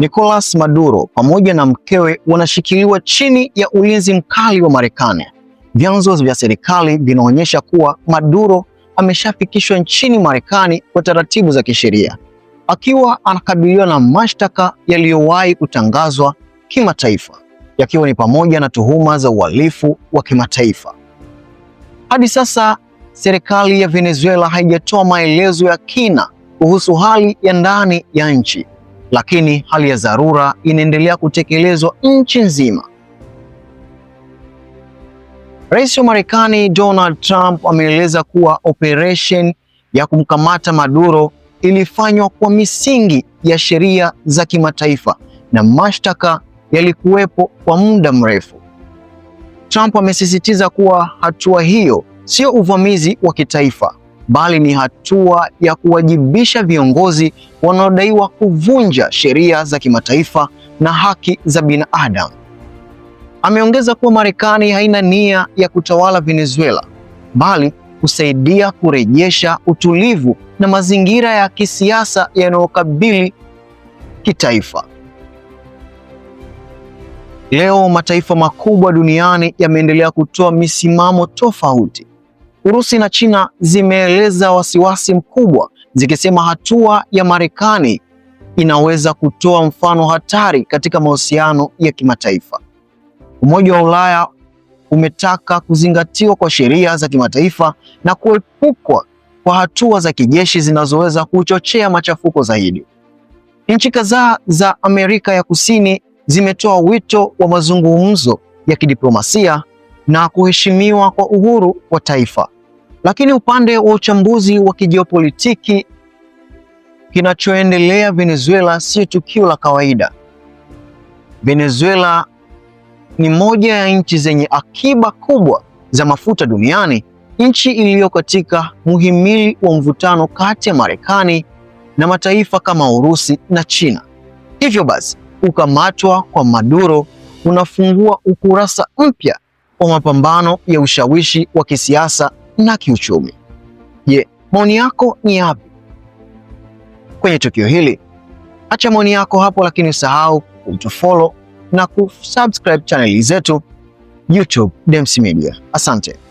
Nicolas Maduro pamoja na mkewe wanashikiliwa chini ya ulinzi mkali wa Marekani. Vyanzo vya serikali vinaonyesha kuwa Maduro ameshafikishwa nchini Marekani kwa taratibu za kisheria, akiwa anakabiliwa na mashtaka yaliyowahi kutangazwa kimataifa, yakiwa ni pamoja na tuhuma za uhalifu wa kimataifa. Hadi sasa serikali ya Venezuela haijatoa maelezo ya kina kuhusu hali ya ndani ya nchi lakini hali ya dharura inaendelea kutekelezwa nchi nzima. Rais wa Marekani Donald Trump ameeleza kuwa operation ya kumkamata Maduro ilifanywa kwa misingi ya sheria za kimataifa na mashtaka yalikuwepo kwa muda mrefu. Trump amesisitiza kuwa hatua hiyo sio uvamizi wa kitaifa bali ni hatua ya kuwajibisha viongozi wanaodaiwa kuvunja sheria za kimataifa na haki za binadamu. Ameongeza kuwa Marekani haina nia ya kutawala Venezuela, bali kusaidia kurejesha utulivu na mazingira ya kisiasa yanayokabili kitaifa. Leo mataifa makubwa duniani yameendelea kutoa misimamo tofauti Urusi na China zimeeleza wasiwasi mkubwa zikisema hatua ya Marekani inaweza kutoa mfano hatari katika mahusiano ya kimataifa. Umoja wa Ulaya umetaka kuzingatiwa kwa sheria za kimataifa na kuepukwa kwa hatua za kijeshi zinazoweza kuchochea machafuko zaidi. Nchi kadhaa za Amerika ya Kusini zimetoa wito wa mazungumzo ya kidiplomasia na kuheshimiwa kwa uhuru wa taifa. Lakini upande wa uchambuzi wa kijiopolitiki, kinachoendelea Venezuela sio tukio la kawaida. Venezuela ni moja ya nchi zenye akiba kubwa za mafuta duniani, nchi iliyo katika muhimili wa mvutano kati ya Marekani na mataifa kama Urusi na China. Hivyo basi, kukamatwa kwa Maduro unafungua ukurasa mpya wa mapambano ya ushawishi wa kisiasa na kiuchumi. Je, maoni yako ni yapi kwenye tukio hili? Acha maoni yako hapo, lakini usahau kutufollow na kusubscribe chaneli zetu YouTube Dems Media. Asante.